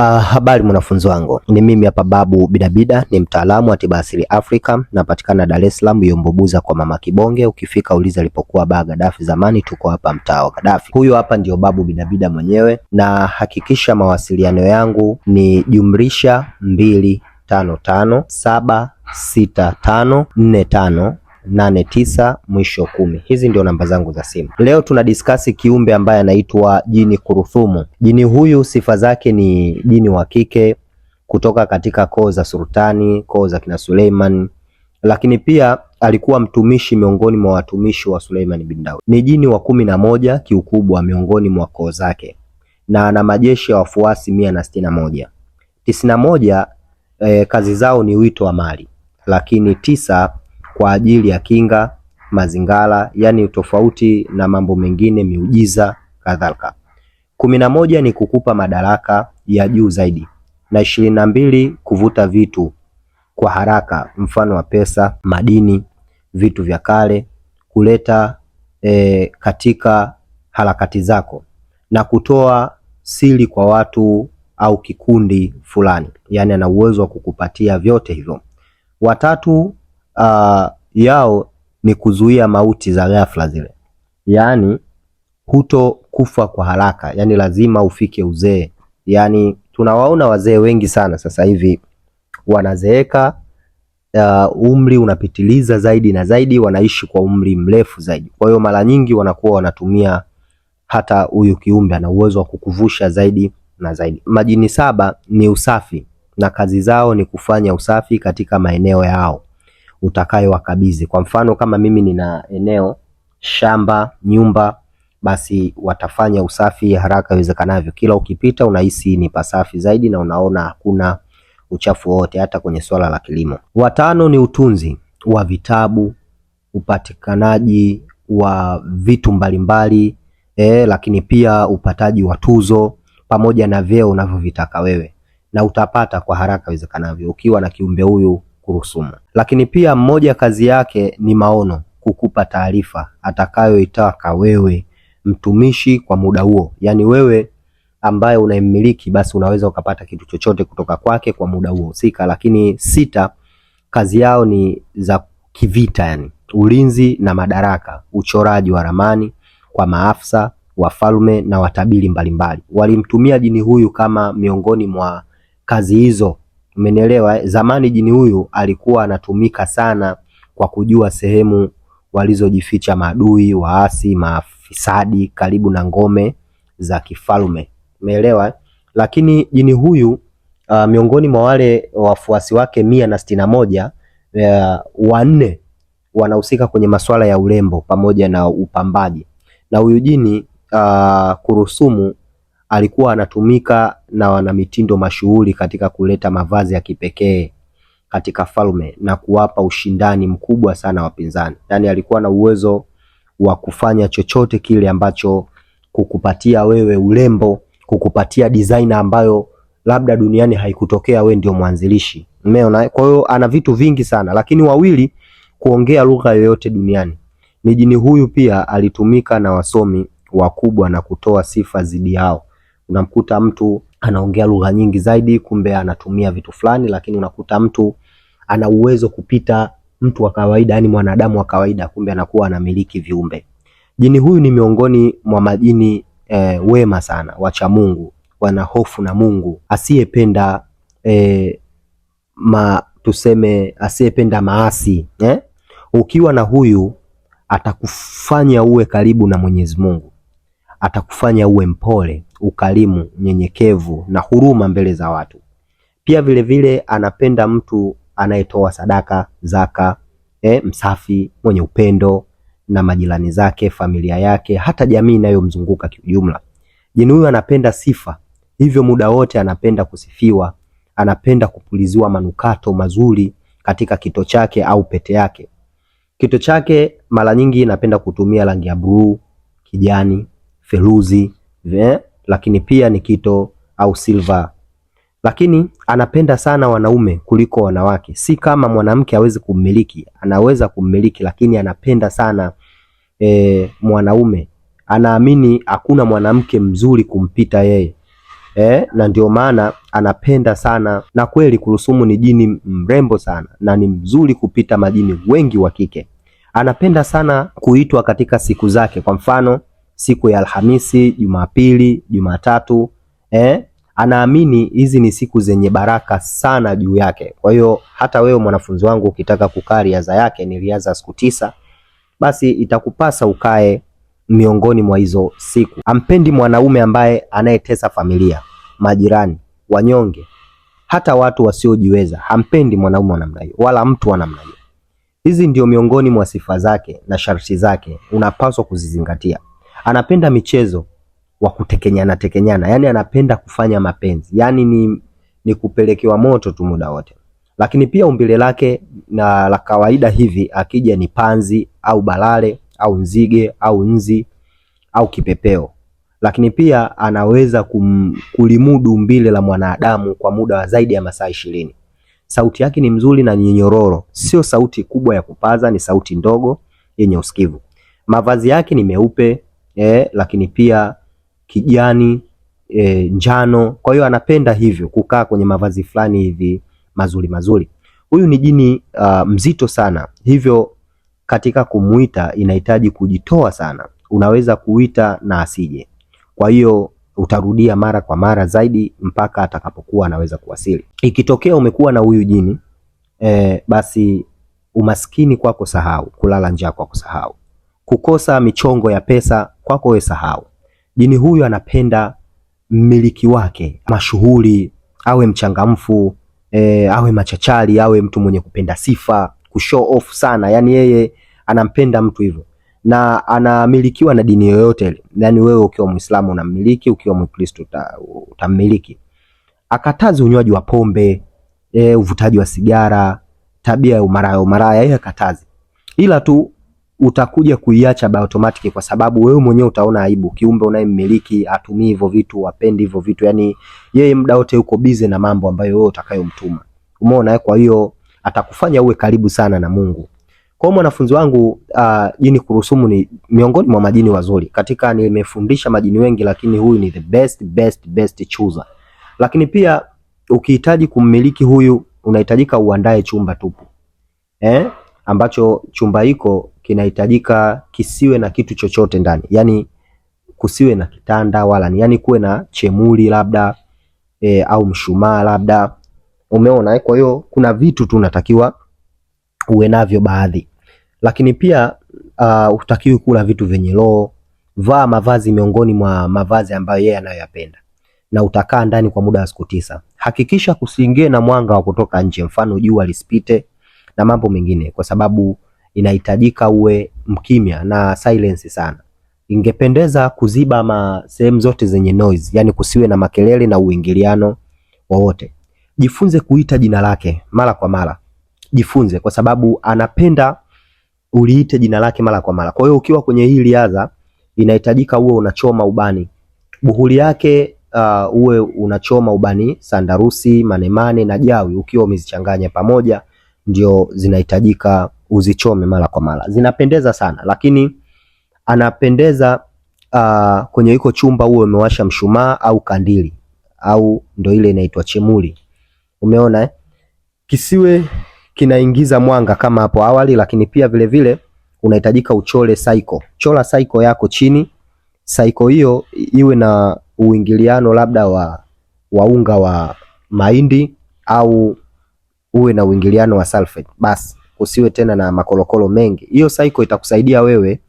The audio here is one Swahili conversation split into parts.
Uh, habari mwanafunzi wangu, ni mimi hapa Babu Bidabida, ni mtaalamu wa tiba asili Afrika, napatikana Dar es Salaam Yombobuza kwa Mama Kibonge. Ukifika uliza alipokuwa baa Gadafi zamani, tuko hapa mtaa wa Gadafi. Huyu hapa ndio Babu Bidabida mwenyewe, na hakikisha mawasiliano yangu ni jumlisha mbili tano tano saba sita tano nne tano nane tisa mwisho kumi. Hizi ndio namba zangu za simu. Leo tuna discuss kiumbe ambaye anaitwa jini kuruthumu. Jini huyu sifa zake ni jini wa kike kutoka katika koo za sultani, koo za kina Suleiman, lakini pia alikuwa mtumishi miongoni mwa watumishi wa Suleiman bin Daud. Ni jini wa kumi na moja kiukubwa miongoni mwa koo zake na ana majeshi ya wafuasi mia na sitini na moja. Tisini na moja eh, kazi zao ni wito wa mali, lakini tisa kwa ajili ya kinga mazingara, yani tofauti na mambo mengine, miujiza kadhalika. Kumi na moja ni kukupa madaraka ya juu zaidi, na ishirini na mbili kuvuta vitu kwa haraka, mfano wa pesa, madini, vitu vya kale, kuleta e, katika harakati zako na kutoa siri kwa watu au kikundi fulani, yani ana uwezo wa kukupatia vyote hivyo. Watatu uh, yao ni kuzuia mauti za ghafla zile, yaani kufa kwa haraka, yaani lazima ufike uzee. Yaani tunawaona wazee wengi sana sasa hivi wanazeeka, uh, umri unapitiliza zaidi na zaidi, wanaishi kwa umri mrefu zaidi. Kwa hiyo mara nyingi wanakuwa wanatumia hata huyu kiumbe ana uwezo wa kukuvusha zaidi na zaidi. Majini saba ni usafi na kazi zao ni kufanya usafi katika maeneo yao utakayowakabidhi. Kwa mfano kama mimi nina eneo shamba, nyumba, basi watafanya usafi haraka iwezekanavyo. Kila ukipita unahisi ni pasafi zaidi na unaona hakuna uchafu wote, hata kwenye swala la kilimo. Watano ni utunzi wa vitabu, upatikanaji wa vitu mbalimbali eh, lakini pia upataji wa tuzo pamoja na vyeo unavyovitaka wewe na utapata kwa haraka iwezekanavyo ukiwa na kiumbe huyu kurusumu. Lakini pia mmoja kazi yake ni maono, kukupa taarifa atakayoitaka wewe mtumishi kwa muda huo, yaani wewe ambaye unaemmiliki, basi unaweza ukapata kitu chochote kutoka kwake kwa muda huo husika. Lakini sita, kazi yao ni za kivita, yani ulinzi na madaraka, uchoraji wa ramani kwa maafisa wafalme na watabiri mbalimbali. Walimtumia jini huyu kama miongoni mwa kazi hizo Umenielewa? Eh? Zamani jini huyu alikuwa anatumika sana kwa kujua sehemu walizojificha maadui, waasi, mafisadi karibu na ngome za kifalme. Umeelewa? Eh? Lakini jini huyu uh, miongoni mwa wale wafuasi wake mia na sitini na moja uh, wanne wanahusika kwenye masuala ya urembo pamoja na upambaji, na huyu jini uh, Kurusumu alikuwa anatumika na wanamitindo mashuhuri katika kuleta mavazi ya kipekee katika falme na kuwapa ushindani mkubwa sana wapinzani. Yaani alikuwa na uwezo wa kufanya chochote kile ambacho kukupatia wewe urembo, kukupatia designer ambayo labda duniani haikutokea, we ndio mwanzilishi. Umeona? Kwa hiyo ana vitu vingi sana, lakini wawili kuongea lugha yoyote duniani. Mijini huyu pia alitumika na wasomi wakubwa na kutoa sifa zidi yao. Unamkuta mtu anaongea lugha nyingi zaidi, kumbe anatumia vitu fulani, lakini unakuta mtu ana uwezo kupita mtu wa kawaida, yani mwanadamu wa kawaida, kumbe anakuwa anamiliki viumbe. Jini huyu ni miongoni mwa majini e, wema sana, wacha Mungu, wana hofu na Mungu, asiyependa e, ma tuseme asiyependa maasi eh? Ukiwa na huyu atakufanya uwe karibu na Mwenyezi Mungu atakufanya uwe mpole, ukarimu, nyenyekevu na huruma mbele za watu. Pia vilevile vile, anapenda mtu anayetoa sadaka, zaka, eh, msafi, mwenye upendo na majirani zake, familia yake, hata jamii inayomzunguka kiujumla. Jini huyu anapenda sifa, hivyo muda wote anapenda kusifiwa, anapenda kupuliziwa manukato mazuri katika kito chake au pete yake. Kito chake mara nyingi inapenda kutumia rangi ya bluu, kijani, feruzi eh, lakini pia ni kito au silver. Lakini anapenda sana wanaume kuliko wanawake. Si kama mwanamke hawezi kummiliki, anaweza kummiliki, lakini anapenda sana eh, mwanaume. Anaamini hakuna mwanamke mzuri kumpita yeye. Eh, na ndio maana anapenda sana na kweli, kurusumu ni jini mrembo sana na ni mzuri kupita majini wengi wa kike. Anapenda sana kuitwa katika siku zake, kwa mfano siku ya Alhamisi, Jumapili, Jumatatu eh? Anaamini hizi ni siku zenye baraka sana juu yake. Kwa hiyo hata wewe mwanafunzi wangu ukitaka kukaa riadha yake ni riadha siku tisa, basi itakupasa ukae miongoni mwa hizo siku. Ampendi mwanaume ambaye anayetesa familia, majirani, wanyonge, hata watu wasiojiweza. Hampendi mwanaume wa namna hiyo, wala mtu wa namna hiyo. Hizi ndio miongoni mwa sifa zake na sharti zake, unapaswa kuzizingatia anapenda michezo wa kutekenyana tekenyana, yani anapenda kufanya mapenzi, yani ni, ni kupelekewa moto tu muda wote. Lakini pia umbile lake na la kawaida hivi, akija ni panzi au balale au nzige au nzi au kipepeo. Lakini pia anaweza kum, kulimudu umbile la mwanadamu kwa muda wa zaidi ya masaa ishirini. Sauti yake ni mzuri na nyinyororo, sio sauti kubwa ya kupaza, ni sauti ndogo yenye usikivu. Mavazi yake ni meupe eh, lakini pia kijani eh, njano. Kwa hiyo anapenda hivyo kukaa kwenye mavazi fulani hivi mazuri mazuri. Huyu ni jini uh, mzito sana, hivyo katika kumuita inahitaji kujitoa sana. Unaweza kuita na asije, kwa hiyo utarudia mara kwa mara zaidi mpaka atakapokuwa anaweza kuwasili. Ikitokea umekuwa na huyu jini eh, basi umaskini kwako sahau, kulala njaa kwako sahau kukosa michongo ya pesa kwako wewe, sahau. Jini huyu anapenda mmiliki wake mashuhuri, awe mchangamfu e, awe machachari, awe mtu mwenye kupenda sifa, kushow off sana. Yani yeye anampenda mtu hivyo, na anamilikiwa na dini yoyote Yani wewe ukiwa Muislamu unammiliki, ukiwa Mkristo utammiliki. Akatazi unywaji wa pombe e, uvutaji wa sigara, tabia ya umaraya umaraya, yeye akatazi, ila tu utakuja kuiacha by automatic, kwa sababu wewe mwenyewe utaona aibu. Kiumbe unayemmiliki atumii hivyo vitu, apendi hivyo vitu, yani yeye muda wote yuko busy na mambo ambayo wewe utakayomtuma. Umeona? Kwa hiyo atakufanya uwe karibu sana na Mungu. Kwa hiyo mwanafunzi wangu, uh, jini kurusumu ni miongoni mwa majini wazuri katika, nimefundisha majini wengi, lakini huyu ni the best best best chooser. Lakini pia ukihitaji kummiliki huyu unahitajika uandae chumba tupu eh? ambacho chumba hiko kinahitajika kisiwe na kitu chochote ndani, yani kusiwe na kitanda wala ni yani kuwe na chemuli labda e, au mshumaa labda, umeona. Eh, kwa hiyo kuna vitu tu unatakiwa uwe navyo baadhi, lakini pia uh, utakiwi kula vitu vyenye roho. Vaa mavazi miongoni mwa mavazi ambayo yeye anayoyapenda, na utakaa ndani kwa muda wa siku tisa. Hakikisha kusiingie na mwanga wa kutoka nje, mfano jua lisipite na mambo mengine, kwa sababu inahitajika uwe mkimya na silence sana. Ingependeza kuziba ma sehemu zote zenye noise, yani kusiwe na makelele na uingiliano wowote. Jifunze kuita jina lake mara kwa mara, jifunze kwa sababu anapenda uliite jina lake mara kwa mara. Kwa hiyo ukiwa kwenye hii riadha inahitajika uwe unachoma ubani buhuli yake, uh, uwe unachoma ubani sandarusi, manemane na jawi ukiwa umezichanganya pamoja ndio zinahitajika uzichome mara kwa mara. Zinapendeza sana, lakini anapendeza uh, kwenye iko chumba huo umewasha mshumaa au kandili au ndo ile inaitwa chemuli. Umeona eh? Kisiwe kinaingiza mwanga kama hapo awali, lakini pia vile vile unahitajika uchole saiko. Chola saiko yako chini, saiko hiyo iwe na uingiliano labda wa waunga wa mahindi au uwe na uingiliano wa sulfate, basi usiwe tena na makolokolo mengi. Hiyo cycle itakusaidia wewe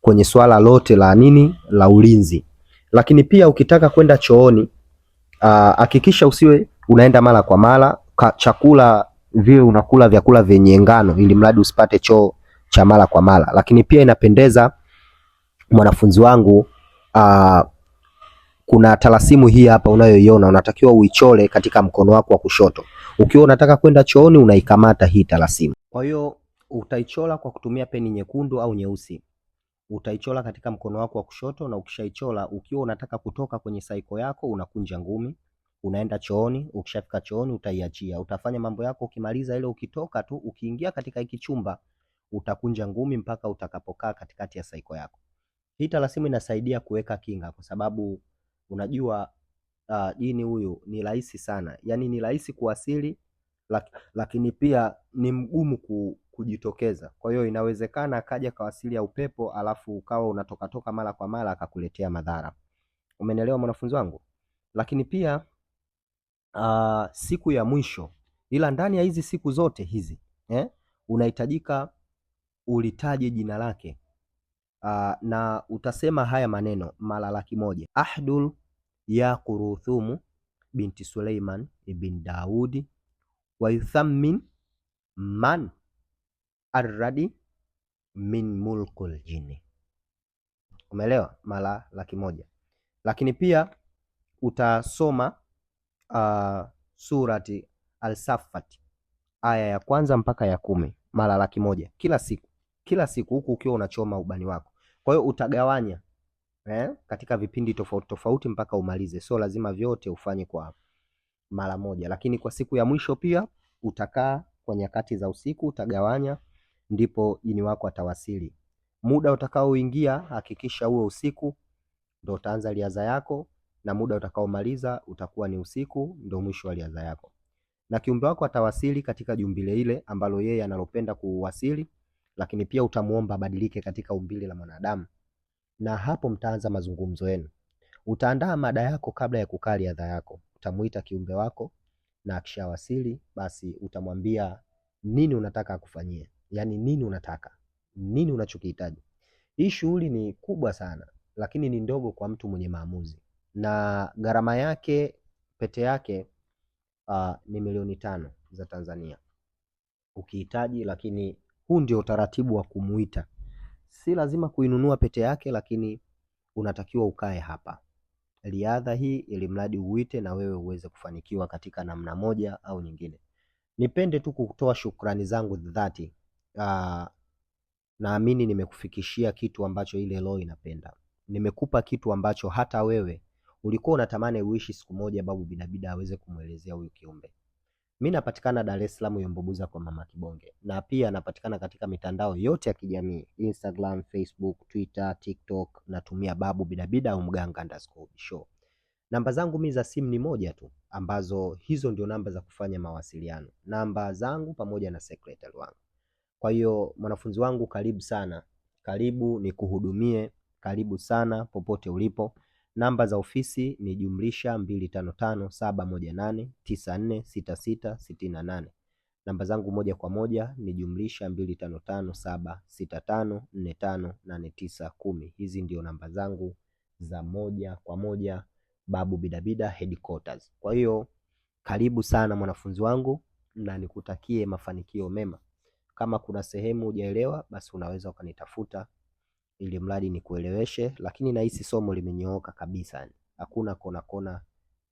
kwenye swala lote la nini la ulinzi. Lakini pia ukitaka kwenda chooni, ah, hakikisha usiwe unaenda mara kwa mara. Chakula vile unakula vyakula vyenye ngano, ili mradi usipate choo cha mara kwa mara. Lakini pia inapendeza mwanafunzi wangu aa, ah, kuna talasimu hii hapa unayoiona, unatakiwa uichole katika mkono wako wa kushoto. Ukiwa unataka kwenda chooni, unaikamata hii talasimu. Kwa hiyo utaichola kwa kutumia peni nyekundu au nyeusi, utaichola katika mkono wako wa kushoto, na ukishaichola ukiwa unataka kutoka kwenye saiko yako, unakunja ngumi, unaenda chooni. Ukishafika chooni, utaiachia, utafanya mambo yako. Ukimaliza ile, ukitoka tu, ukiingia katika hiki chumba, utakunja ngumi mpaka utakapokaa katikati ya saiko yako. Hii talasimu inasaidia kuweka kinga, kwa sababu unajua uh, jini huyu ni rahisi sana, yaani ni rahisi kuwasili lak, lakini pia ni mgumu ku, kujitokeza. Kwa hiyo inawezekana akaja kawasili ya upepo, alafu ukawa unatokatoka mara kwa mara akakuletea madhara. Umenelewa mwanafunzi wangu? Lakini pia uh, siku ya mwisho, ila ndani ya hizi siku zote hizi eh, unahitajika ulitaje jina lake uh, na utasema haya maneno mara laki moja ahdul ya Kuruthumu binti Suleiman ibn Daudi yuthammin man arradi min mulkul jini. Umeelewa? mala laki moja. Lakini pia utasoma uh, surati Alsafat aya ya kwanza mpaka ya kumi mara laki moja kila siku, kila siku huku ukiwa unachoma ubani wako. Kwa hiyo utagawanya eh, katika vipindi tofauti tofauti mpaka umalize. So lazima vyote ufanye kwa mara moja, lakini kwa siku ya mwisho pia utakaa kwa nyakati za usiku, utagawanya, ndipo jini wako atawasili. Muda utakaoingia hakikisha uwe usiku ndo utaanza riadha yako, na muda utakaomaliza utakuwa ni usiku, ndo mwisho wa riadha yako, na kiumbe wako atawasili katika jumbile ile ambalo yeye analopenda kuwasili, lakini pia utamuomba abadilike katika umbile la mwanadamu na hapo mtaanza mazungumzo yenu. Utaandaa mada yako kabla ya kukaa riadha yako. Utamuita kiumbe wako na akishawasili basi utamwambia nini unataka akufanyie, yaani nini unataka, nini unachokihitaji. Hii shughuli ni kubwa sana, lakini ni ndogo kwa mtu mwenye maamuzi, na gharama yake pete yake uh, ni milioni tano za Tanzania ukihitaji, lakini huu ndio utaratibu wa kumuita si lazima kuinunua pete yake, lakini unatakiwa ukae hapa riadha hii, ili mradi uite na wewe uweze kufanikiwa katika namna moja au nyingine. Nipende tu kutoa shukrani zangu dhati. Aa, ah, naamini nimekufikishia kitu ambacho ile roho inapenda. Nimekupa kitu ambacho hata wewe ulikuwa unatamani uishi siku moja, Babu Bidabida aweze kumwelezea huyu kiumbe. Mi napatikana Dar es Salaam Yombobuza kwa Mama Kibonge, na pia napatikana katika mitandao yote ya kijamii Instagram, Facebook, Twitter, TikTok. Natumia babu bidabida au mganga underscore show. Namba zangu mi za simu ni moja tu, ambazo hizo ndio namba za kufanya mawasiliano, namba zangu pamoja na secretary wangu. Kwa hiyo mwanafunzi wangu, karibu sana, karibu ni kuhudumie karibu sana popote ulipo. Namba za ofisi ni jumlisha mbili tano tano saba moja nane tisa nne sita sita sitini na nane. Namba zangu moja kwa moja ni jumlisha mbili tano tano saba sita tano nne tano nane tisa kumi. Hizi ndio namba zangu za moja kwa moja Babu Bidabida Headquarters. Kwa hiyo karibu sana mwanafunzi wangu na nikutakie mafanikio mema. Kama kuna sehemu hujaelewa, basi unaweza ukanitafuta ili mradi nikueleweshe, lakini nahisi somo limenyooka kabisa, hakuna kona kona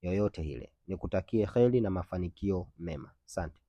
yoyote ile. Nikutakie heri na mafanikio mema, asante.